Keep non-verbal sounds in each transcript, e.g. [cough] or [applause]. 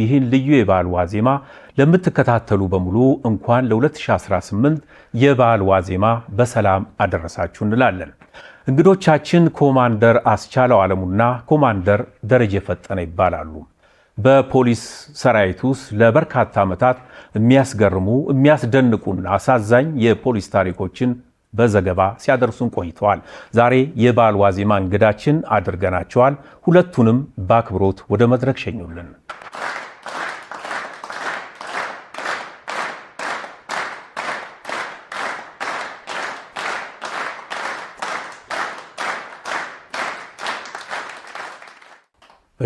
ይህን ልዩ የበዓል ዋዜማ ለምትከታተሉ በሙሉ እንኳን ለ2018 የበዓል ዋዜማ በሰላም አደረሳችሁ እንላለን። እንግዶቻችን ኮማንደር አስቻለው አለሙና ኮማንደር ደረጀ ፈጠነ ይባላሉ። በፖሊስ ሰራዊት ውስጥ ለበርካታ ዓመታት የሚያስገርሙ የሚያስደንቁና አሳዛኝ የፖሊስ ታሪኮችን በዘገባ ሲያደርሱን ቆይተዋል። ዛሬ የበዓል ዋዜማ እንግዳችን አድርገናቸዋል። ሁለቱንም በአክብሮት ወደ መድረክ ሸኙልን።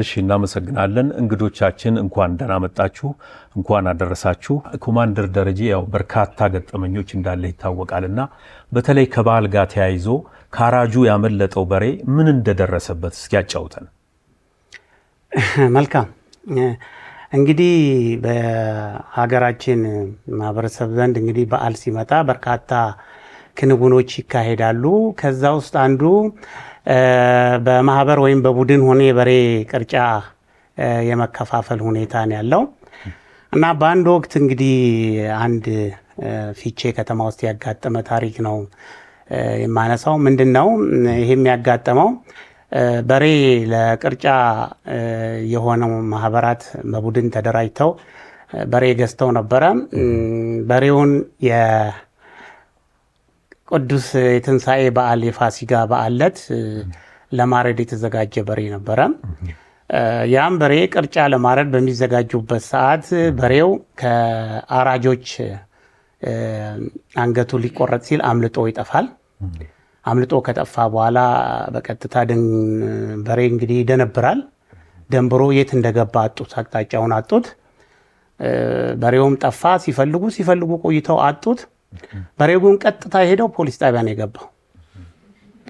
እሺ እናመሰግናለን። እንግዶቻችን እንኳን ደህና መጣችሁ፣ እንኳን አደረሳችሁ። ኮማንደር ደረጀ ያው በርካታ ገጠመኞች እንዳለ ይታወቃልና በተለይ ከበዓል ጋር ተያይዞ ካራጁ ያመለጠው በሬ ምን እንደደረሰበት እስኪ ያጫውተን። መልካም እንግዲህ በሀገራችን ማህበረሰብ ዘንድ እንግዲህ በዓል ሲመጣ በርካታ ክንውኖች ይካሄዳሉ። ከዛ ውስጥ አንዱ በማህበር ወይም በቡድን ሆኔ በሬ ቅርጫ የመከፋፈል ሁኔታ ነው ያለው እና በአንድ ወቅት እንግዲህ አንድ ፊቼ ከተማ ውስጥ ያጋጠመ ታሪክ ነው የማነሳው። ምንድን ነው ይሄ የሚያጋጠመው? በሬ ለቅርጫ የሆነው ማህበራት በቡድን ተደራጅተው በሬ ገዝተው ነበረ። በሬውን ቅዱስ የትንሣኤ በዓል የፋሲጋ በዓል ዕለት ለማረድ የተዘጋጀ በሬ ነበረ። ያም በሬ ቅርጫ ለማረድ በሚዘጋጁበት ሰዓት በሬው ከአራጆች አንገቱ ሊቆረጥ ሲል አምልጦ ይጠፋል። አምልጦ ከጠፋ በኋላ በቀጥታ በሬ እንግዲህ ይደነብራል። ደንብሮ የት እንደገባ አጡት፣ አቅጣጫውን አጡት። በሬውም ጠፋ። ሲፈልጉ ሲፈልጉ ቆይተው አጡት። በሬጉን ቀጥታ ሄደው ፖሊስ ጣቢያ ነው የገባው።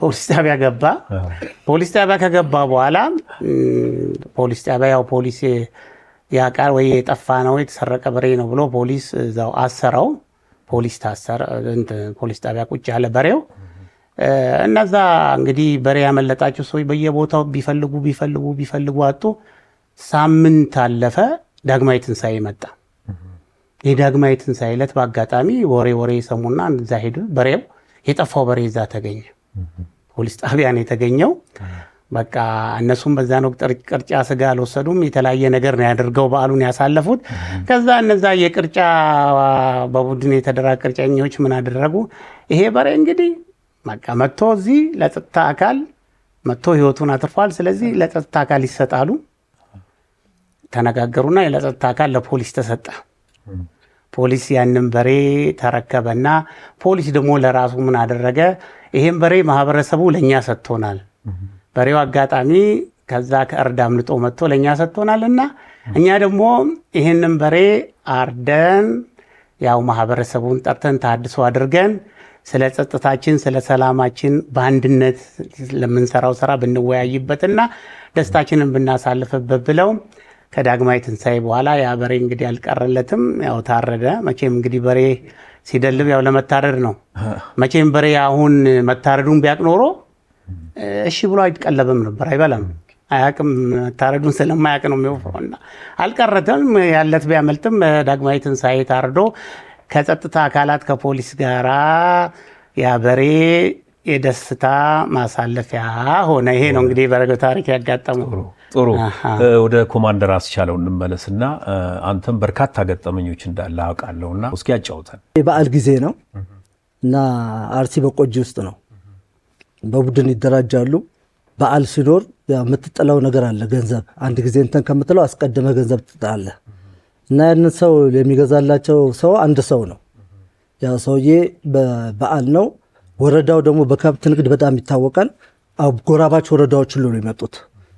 ፖሊስ ጣቢያ ገባ። ፖሊስ ጣቢያ ከገባ በኋላ ፖሊስ ጣቢያ ያው ፖሊስ ያቃር ወይ የጠፋ ነው የተሰረቀ በሬ ነው ብሎ ፖሊስ እዛው አሰረው። ፖሊስ ታሰረ። ፖሊስ ጣቢያ ቁጭ ያለ በሬው እነዛ እንግዲህ በሬ ያመለጣቸው ሰዎች በየቦታው ቢፈልጉ ቢፈልጉ ቢፈልጉ አጡ። ሳምንት አለፈ። ዳግማዊ ትንሣኤ መጣ። የዳግማዊ ትንሣኤ ዕለት በአጋጣሚ ወሬ ወሬ ሰሙና እዛ ሄዱ። በሬው የጠፋው በሬ እዛ ተገኘ። ፖሊስ ጣቢያ ነው የተገኘው። በቃ እነሱም በዛን ወቅት ቅርጫ ስጋ አልወሰዱም። የተለያየ ነገር ነው ያደርገው በዓሉን ያሳለፉት። ከዛ እነዛ የቅርጫ በቡድን የተደራ ቅርጫኞች ምን አደረጉ? ይሄ በሬ እንግዲህ በቃ መጥቶ እዚህ ለጸጥታ አካል መጥቶ ህይወቱን አትርፏል። ስለዚህ ለጸጥታ አካል ይሰጣሉ። ተነጋገሩና ለጸጥታ አካል ለፖሊስ ተሰጠ። ፖሊስ ያንን በሬ ተረከበና ፖሊስ ደግሞ ለራሱ ምን አደረገ? ይሄን በሬ ማህበረሰቡ ለእኛ ሰጥቶናል። በሬው አጋጣሚ ከዛ ከእርድ አምልጦ መጥቶ ለእኛ ሰጥቶናል እና እኛ ደግሞ ይህንን በሬ አርደን ያው ማህበረሰቡን ጠርተን ታድሶ አድርገን ስለ ጸጥታችን፣ ስለ ሰላማችን በአንድነት ለምንሰራው ስራ ብንወያይበትና ደስታችንን ብናሳልፍበት ብለው ከዳግማዊ ትንሣኤ በኋላ ያ በሬ እንግዲህ አልቀረለትም። ያው ታረደ። መቼም እንግዲህ በሬ ሲደልብ ያው ለመታረድ ነው። መቼም በሬ አሁን መታረዱን ቢያቅ ኖሮ እሺ ብሎ አይቀለብም ነበር፣ አይበላም፣ አያቅም። መታረዱን ስለማያቅ ነው የሚወፍረው። አልቀረተም። ያለት ቢያመልጥም ዳግማዊ ትንሣኤ ታርዶ ከጸጥታ አካላት ከፖሊስ ጋራ ያ በሬ የደስታ ማሳለፊያ ሆነ። ይሄ ነው እንግዲህ በረገው ታሪክ ያጋጠመው። ጥሩ ወደ ኮማንደር አስቻለው እንመለስና አንተም በርካታ ገጠመኞች እንዳለ አውቃለሁና እስኪ ያጫውተን። የበዓል ጊዜ ነው እና አርሲ በቆጂ ውስጥ ነው። በቡድን ይደራጃሉ። በዓል ሲኖር የምትጥለው ነገር አለ። ገንዘብ አንድ ጊዜ እንትን ከምትለው አስቀድመ ገንዘብ ትጥላለህ። እና ያንን ሰው የሚገዛላቸው ሰው አንድ ሰው ነው። ያ ሰውዬ በበዓል ነው። ወረዳው ደግሞ በከብት ንግድ በጣም ይታወቃል። አጎራባች ወረዳዎች ሁሉ ነው የመጡት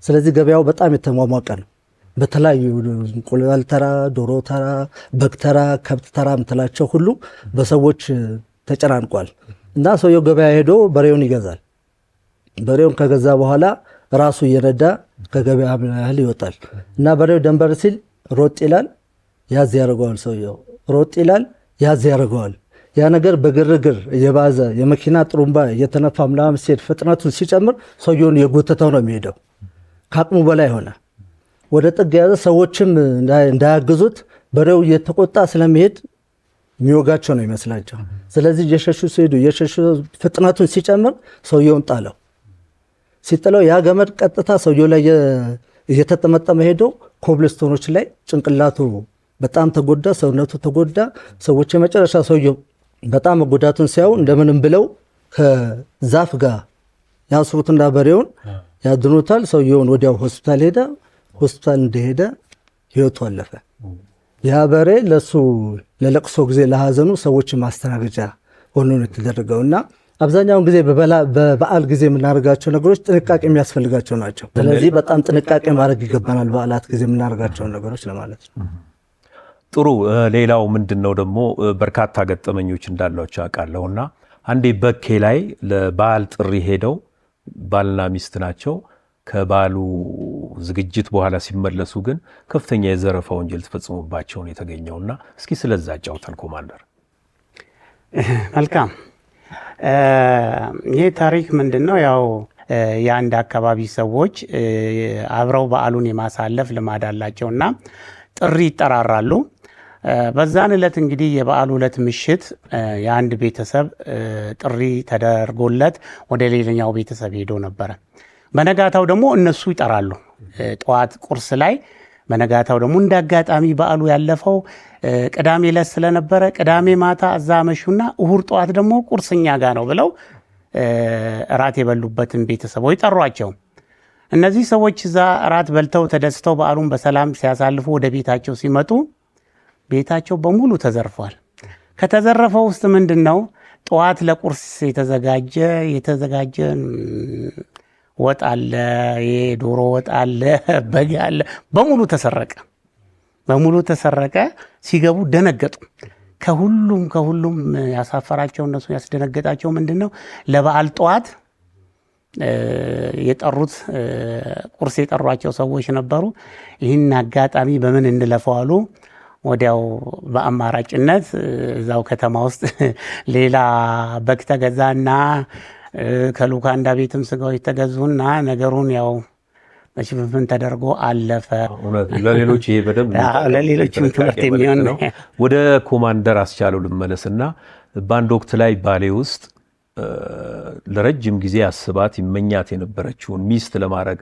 ስለዚህ ገበያው በጣም የተሟሟቀ ነው። በተለያዩ እንቁላል ተራ፣ ዶሮ ተራ፣ በግ ተራ፣ ከብት ተራ የምትላቸው ሁሉ በሰዎች ተጨናንቋል እና ሰውየው ገበያ ሄዶ በሬውን ይገዛል። በሬውን ከገዛ በኋላ ራሱ እየነዳ ከገበያ ያህል ይወጣል እና በሬው ደንበር ሲል ሮጥ ይላል፣ ያዝ ያደርገዋል። ሰውየው ሮጥ ይላል፣ ያዝ ያደርገዋል። ያ ነገር በግርግር እየባዘ የመኪና ጥሩምባ እየተነፋ ምናምን ሲሄድ ፍጥነቱን ሲጨምር ሰውየውን የጎተተው ነው የሚሄደው። ከአቅሙ በላይ ሆነ። ወደ ጥግ የያዘ ሰዎችም እንዳያግዙት በሬው እየተቆጣ ስለሚሄድ የሚወጋቸው ነው ይመስላቸው። ስለዚህ እየሸሹ ሲሄዱ እየሸሹ ፍጥነቱን ሲጨምር ሰውየውን ጣለው። ሲጥለው ያ ገመድ ቀጥታ ሰውየው ላይ እየተጠመጠመ ሄዶ ኮብልስቶኖች ላይ ጭንቅላቱ በጣም ተጎዳ፣ ሰውነቱ ተጎዳ። ሰዎች የመጨረሻ ሰውየው በጣም መጎዳቱን ሲያዩ እንደምንም ብለው ከዛፍ ጋር ያስሩትና በሬውን ያድኖታል። ሰውየውን ወዲያው ሆስፒታል ሄደ። ሆስፒታል እንደሄደ ህይወቱ አለፈ። ያ በሬ ለሱ ለለቅሶ ጊዜ ለሀዘኑ ሰዎች ማስተናገጃ ሆኖ ነው የተደረገው እና አብዛኛውን ጊዜ በበዓል ጊዜ የምናደርጋቸው ነገሮች ጥንቃቄ የሚያስፈልጋቸው ናቸው። ስለዚህ በጣም ጥንቃቄ ማድረግ ይገባናል፣ በዓላት ጊዜ የምናደርጋቸውን ነገሮች ለማለት ነው። ጥሩ። ሌላው ምንድን ነው ደግሞ በርካታ ገጠመኞች እንዳሏቸው እና አንዴ በኬ ላይ ለበዓል ጥሪ ሄደው ባልና ሚስት ናቸው። ከባሉ ዝግጅት በኋላ ሲመለሱ ግን ከፍተኛ የዘረፋ ወንጀል ተፈጽሞባቸውን የተገኘውና እስኪ ስለዛ ጫውተን ኮማንደር። መልካም ይህ ታሪክ ምንድን ነው? ያው የአንድ አካባቢ ሰዎች አብረው በዓሉን የማሳለፍ ልማድ አላቸውና ጥሪ ይጠራራሉ። በዛን ዕለት እንግዲህ የበዓሉ ዕለት ምሽት የአንድ ቤተሰብ ጥሪ ተደርጎለት ወደ ሌላኛው ቤተሰብ ሄዶ ነበረ። በነጋታው ደግሞ እነሱ ይጠራሉ ጠዋት ቁርስ ላይ። በነጋታው ደግሞ እንደ አጋጣሚ በዓሉ ያለፈው ቅዳሜ ዕለት ስለነበረ ቅዳሜ ማታ እዛ መሹና እሁድ ጠዋት ደግሞ ቁርስኛ ጋ ነው ብለው እራት የበሉበትን ቤተሰቦች ጠሯቸው። እነዚህ ሰዎች እዛ እራት በልተው ተደስተው በዓሉን በሰላም ሲያሳልፉ ወደ ቤታቸው ሲመጡ ቤታቸው በሙሉ ተዘርፏል። ከተዘረፈው ውስጥ ምንድን ነው ጠዋት ለቁርስ የተዘጋጀ የተዘጋጀ ወጥ አለ፣ የዶሮ ወጥ አለ፣ [laughs] በግ አለ፣ በሙሉ ተሰረቀ፣ በሙሉ ተሰረቀ። ሲገቡ ደነገጡ። ከሁሉም ከሁሉም ያሳፈራቸው እነሱ ያስደነገጣቸው ምንድን ነው ለበዓል ጠዋት የጠሩት ቁርስ የጠሯቸው ሰዎች ነበሩ። ይህን አጋጣሚ በምን እንለፈዋሉ ወዲያው በአማራጭነት እዛው ከተማ ውስጥ [laughs] ሌላ በግ ተገዛና ከሉካንዳ ቤትም ስጋዎች ተገዙና ነገሩን ያው በሽፍንፍን ተደርጎ አለፈ። ለሌሎች ይሄ በደንብ ለሌሎችም ትምህርት የሚሆን ነው። ወደ ኮማንደር አስቻለው ልመለስና በአንድ ወቅት ላይ ባሌ ውስጥ ለረጅም ጊዜ አስባት ይመኛት የነበረችውን ሚስት ለማድረግ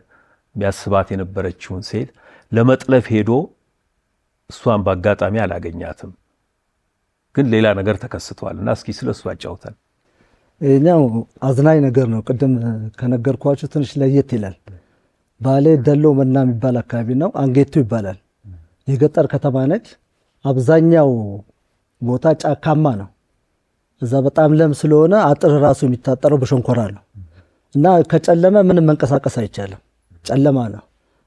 የሚያስባት የነበረችውን ሴት ለመጥለፍ ሄዶ እሷን በአጋጣሚ አላገኛትም፣ ግን ሌላ ነገር ተከስቷል እና እስኪ ስለ እሱ አጫውተን። ያው አዝናኝ ነገር ነው። ቅድም ከነገርኳችሁ ትንሽ ለየት ይላል። ባሌ ደሎ መና የሚባል አካባቢ ነው። አንጌቱ ይባላል። የገጠር ከተማ ነች። አብዛኛው ቦታ ጫካማ ነው። እዛ በጣም ለም ስለሆነ አጥር ራሱ የሚታጠረው በሸንኮራ ነው እና ከጨለመ ምንም መንቀሳቀስ አይቻልም። ጨለማ ነው።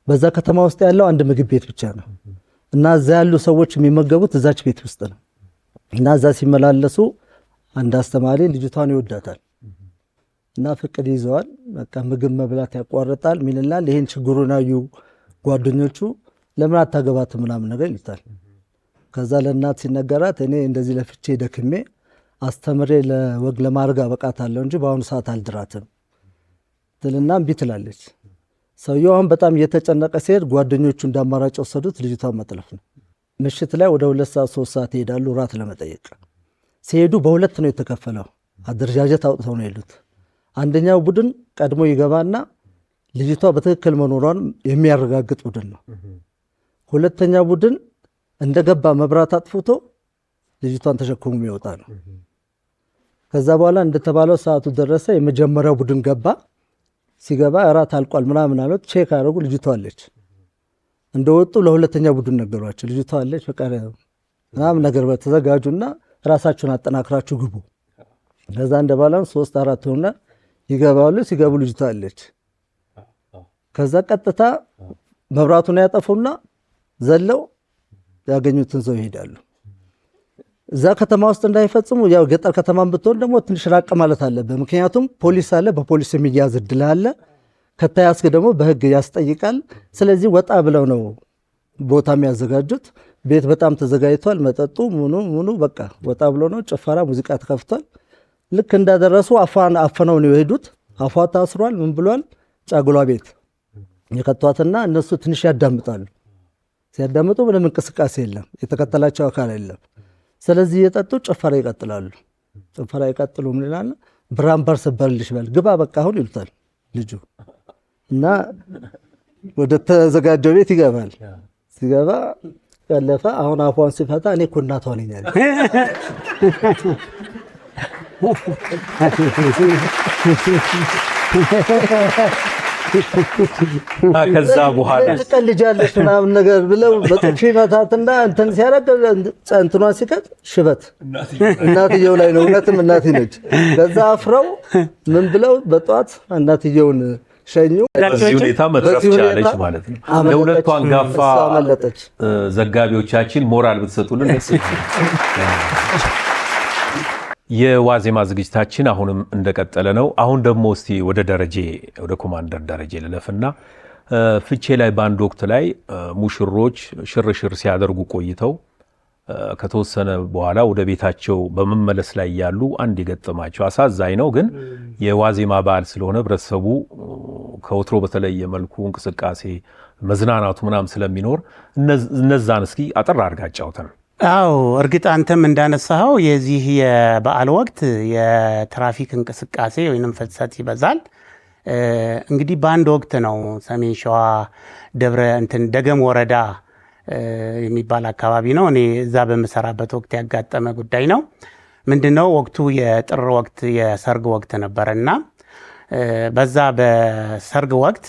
በዛ ከተማ ውስጥ ያለው አንድ ምግብ ቤት ብቻ ነው። እና እዛ ያሉ ሰዎች የሚመገቡት እዛች ቤት ውስጥ ነው። እና እዛ ሲመላለሱ አንድ አስተማሪ ልጅቷን ይወዳታል እና ፍቅድ ይዘዋል። በቃ ምግብ መብላት ያቋርጣል። ሚንላል ይህን ችግሩን ያዩ ጓደኞቹ ለምን አታገባት ምናምን ነገር ይሉታል። ከዛ ለእናት ሲነገራት እኔ እንደዚህ ለፍቼ ደክሜ አስተምሬ ለወግ ለማድረግ አበቃታለሁ እንጂ በአሁኑ ሰዓት አልድራትም ትልና እምቢ ትላለች። ሰውየው አሁን በጣም እየተጨነቀ ሲሄድ ጓደኞቹ እንዳማራጭ ወሰዱት ልጅቷን መጥለፍ ነው። ምሽት ላይ ወደ ሁለት ሰዓት ሶስት ሰዓት ይሄዳሉ ራት ለመጠየቅ ሲሄዱ በሁለት ነው የተከፈለው። አደረጃጀት አውጥተው ነው የሄዱት። አንደኛው ቡድን ቀድሞ ይገባና ልጅቷ በትክክል መኖሯን የሚያረጋግጥ ቡድን ነው። ሁለተኛ ቡድን እንደገባ መብራት አጥፍቶ ልጅቷን ተሸክሞ የሚወጣ ነው። ከዛ በኋላ እንደተባለው ሰዓቱ ደረሰ። የመጀመሪያው ቡድን ገባ። ሲገባ እራት አልቋል ምናምን አሉት። ቼክ አደረጉ፣ ልጅቷ እንደወጡ ለሁለተኛ ቡድን ነገሯቸው፣ ልጅቷ በቃ ምናምን ነገር ተዘጋጁና ራሳችሁን አጠናክራችሁ ግቡ። ከዛ እንደባላን ሶስት አራት ሆነ ይገባሉ። ሲገቡ ልጅቷ ከዛ ቀጥታ መብራቱን ያጠፉና ዘለው ያገኙትን ሰው ይሄዳሉ። እዛ ከተማ ውስጥ እንዳይፈጽሙ ያው ገጠር ከተማን ብትሆን ደግሞ ትንሽ ራቅ ማለት አለብህ። ምክንያቱም ፖሊስ አለ፣ በፖሊስ የሚያዝ እድል አለ። ከተያዝክ ደግሞ በህግ ያስጠይቃል። ስለዚህ ወጣ ብለው ነው ቦታ የሚያዘጋጁት። ቤት በጣም ተዘጋጅቷል። መጠጡ ሙኑ ሙኑ በቃ ወጣ ብሎ ነው። ጭፈራ፣ ሙዚቃ ተከፍቷል። ልክ እንዳደረሱ አፈነው ነው የሄዱት። አፏ ታስሯል። ምን ብሏል? ጫጉሏ ቤት የከቷትና እነሱ ትንሽ ያዳምጣሉ። ሲያዳምጡ ምንም እንቅስቃሴ የለም፣ የተከተላቸው አካል የለም። ስለዚህ እየጠጡ ጭፈራ ይቀጥላሉ። ጭፈራ ይቀጥሉ ምን ይላል? ብራምበር ስበልሽ በል ግባ በቃ አሁን ይሉታል ልጁ እና ወደ ተዘጋጀው ቤት ይገባል። ሲገባ ያለፈ አሁን አፏን ሲፈታ እኔ እኮ እናቷ ነኝ ከዛ በኋላ ምናምን ነገር ብለው በጥፊ መታትና እንትን ሲያረግ ጸንትኗ ሲቀጥ ሽበት እናትየው ላይ ነው። እውነትም እናት ነች። ከዛ አፍረው ምን ብለው በጠዋት እናትየውን ሸኙ። በዚህ ሁኔታ መትረፍ ቻለች ማለት ነው። ለሁለቱ አንጋፋ ዘጋቢዎቻችን ሞራል ብትሰጡልን ደስ የዋዜማ ዝግጅታችን አሁንም እንደቀጠለ ነው። አሁን ደግሞ እስቲ ወደ ደረጄ ወደ ኮማንደር ደረጄ ልለፍና ፍቼ ላይ በአንድ ወቅት ላይ ሙሽሮች ሽርሽር ሲያደርጉ ቆይተው ከተወሰነ በኋላ ወደ ቤታቸው በመመለስ ላይ ያሉ አንድ የገጠማቸው አሳዛኝ ነው፣ ግን የዋዜማ በዓል ስለሆነ ህብረተሰቡ ከወትሮ በተለየ መልኩ እንቅስቃሴ መዝናናቱ ምናምን ስለሚኖር እነዛን እስኪ አጠር አድርጋ አጫውተን አዎ እርግጥ አንተም እንዳነሳኸው የዚህ የበዓል ወቅት የትራፊክ እንቅስቃሴ ወይም ፍልሰት ይበዛል። እንግዲህ በአንድ ወቅት ነው ሰሜን ሸዋ ደብረ እንትን ደገም ወረዳ የሚባል አካባቢ ነው። እኔ እዛ በምሰራበት ወቅት ያጋጠመ ጉዳይ ነው። ምንድነው ወቅቱ የጥር ወቅት የሰርግ ወቅት ነበረ እና በዛ በሰርግ ወቅት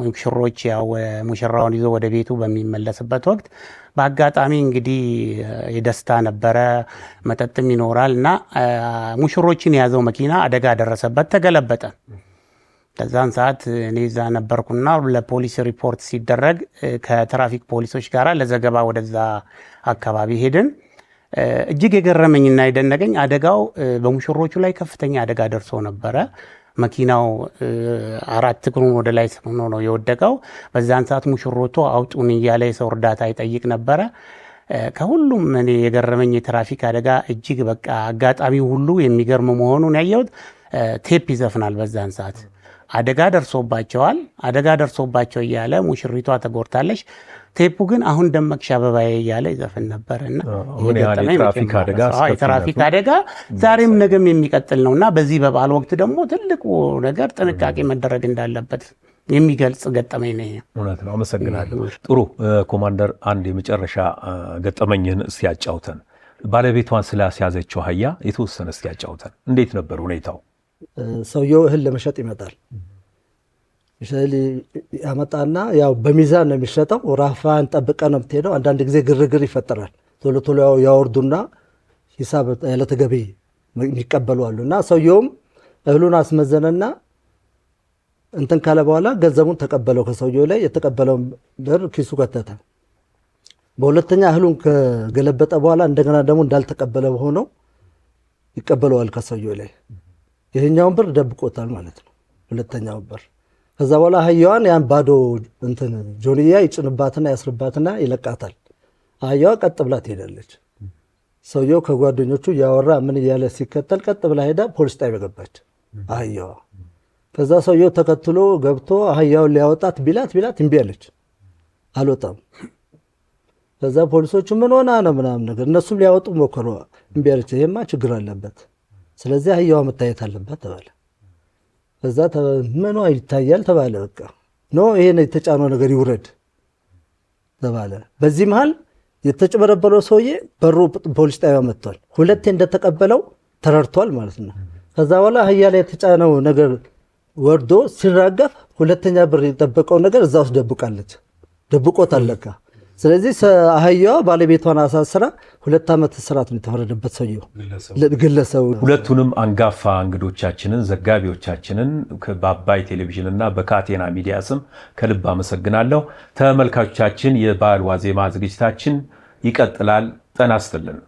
ሙሽሮች ያው ሙሽራውን ይዞ ወደ ቤቱ በሚመለስበት ወቅት በአጋጣሚ እንግዲህ የደስታ ነበረ፣ መጠጥም ይኖራል እና ሙሽሮችን የያዘው መኪና አደጋ ደረሰበት፣ ተገለበጠ። ከዛን ሰዓት እኔ እዛ ነበርኩና ለፖሊስ ሪፖርት ሲደረግ ከትራፊክ ፖሊሶች ጋር ለዘገባ ወደዛ አካባቢ ሄድን። እጅግ የገረመኝና የደነቀኝ አደጋው በሙሽሮቹ ላይ ከፍተኛ አደጋ ደርሶ ነበረ። መኪናው አራት እግሩን ወደ ላይ ሆኖ ነው የወደቀው። በዛን ሰዓት ሙሽሮቶ አውጡን እያለ የሰው እርዳታ ይጠይቅ ነበረ። ከሁሉም እኔ የገረመኝ የትራፊክ አደጋ እጅግ በቃ አጋጣሚ ሁሉ የሚገርም መሆኑን ያየሁት ቴፕ ይዘፍናል በዛን ሰዓት አደጋ ደርሶባቸዋል። አደጋ ደርሶባቸው እያለ ሙሽሪቷ ተጎድታለች። ቴፑ ግን አሁን ደመቅሽ አበባዬ እያለ ይዘፍን ነበር እና የትራፊክ አደጋ ዛሬም ነገም የሚቀጥል ነው እና በዚህ በበዓል ወቅት ደግሞ ትልቁ ነገር ጥንቃቄ መደረግ እንዳለበት የሚገልጽ ገጠመኝ ነ እውነት ነው። አመሰግናለሁ። ጥሩ ኮማንደር፣ አንድ የመጨረሻ ገጠመኝህን እስቲ ያጫውተን። ባለቤቷን ስላስያዘችው አህያ የተወሰነ እስቲ ያጫውተን። እንዴት ነበር ሁኔታው? ሰውየው እህል ለመሸጥ ይመጣል። ያመጣና ያው በሚዛን ነው የሚሸጠው። ራፋን ጠብቀ ነው የምትሄደው። አንዳንድ ጊዜ ግርግር ይፈጠራል። ቶሎ ቶሎ ያወርዱና ሂሳብ ያለተ ገቢ የሚቀበሉ አሉ። እና ሰውየውም እህሉን አስመዘነና እንትን ካለ በኋላ ገንዘቡን ተቀበለው ከሰውየው ላይ የተቀበለውን ብር ኪሱ ከተተ። በሁለተኛ እህሉን ከገለበጠ በኋላ እንደገና ደግሞ እንዳልተቀበለ ሆነው ይቀበለዋል ከሰውየው ላይ ይሄኛውን በር ደብቆታል ማለት ነው። ሁለተኛውን በር ከዛ በኋላ አህያዋን ያን ባዶ እንትን ጆንያ ይጭንባትና ያስርባትና ይለቃታል። አህያዋ ቀጥ ብላ ትሄዳለች። ሰውየው ከጓደኞቹ እያወራ ምን እያለ ሲከተል ቀጥ ብላ ሄዳ ፖሊስ ጣቢያ ገባች አህያዋ። ከዛ ሰውየው ተከትሎ ገብቶ አህያውን ሊያወጣት ቢላት ቢላት እምቢ አለች፣ አልወጣም። ከዛ ፖሊሶቹ ምን ሆና ነው ምናምን ነገር እነሱም ሊያወጡ ሞከሩ፣ እምቢ አለች። ይሄማ ችግር አለበት ስለዚህ አህያዋ መታየት አለባት ተባለ። ከዛ ምኗ ይታያል ተባለ። በቃ ኖ ይሄ የተጫነው ነገር ይውረድ ተባለ። በዚህ መሃል የተጭበረበረው ሰውዬ በሩ ፖሊስ ጣቢያ መጥቷል። ሁለቴ እንደተቀበለው ተረድቷል ማለት ነው። ከዛ በኋላ አህያ ላይ የተጫነው ነገር ወርዶ ሲራገፍ ሁለተኛ ብር የጠበቀው ነገር እዛ ውስጥ ደብቃለች። ደብቆት አለካ ስለዚህ አህያዋ ባለቤቷን አሳስራ ሁለት ዓመት እስራት ነው የተፈረደበት ሰውየው ግለሰቡ። ሁለቱንም አንጋፋ እንግዶቻችንን ዘጋቢዎቻችንን በአባይ ቴሌቪዥንና በካቴና ሚዲያ ስም ከልብ አመሰግናለሁ። ተመልካቾቻችን፣ የበዓል ዋዜማ ዝግጅታችን ይቀጥላል። ጤና ይስጥልን።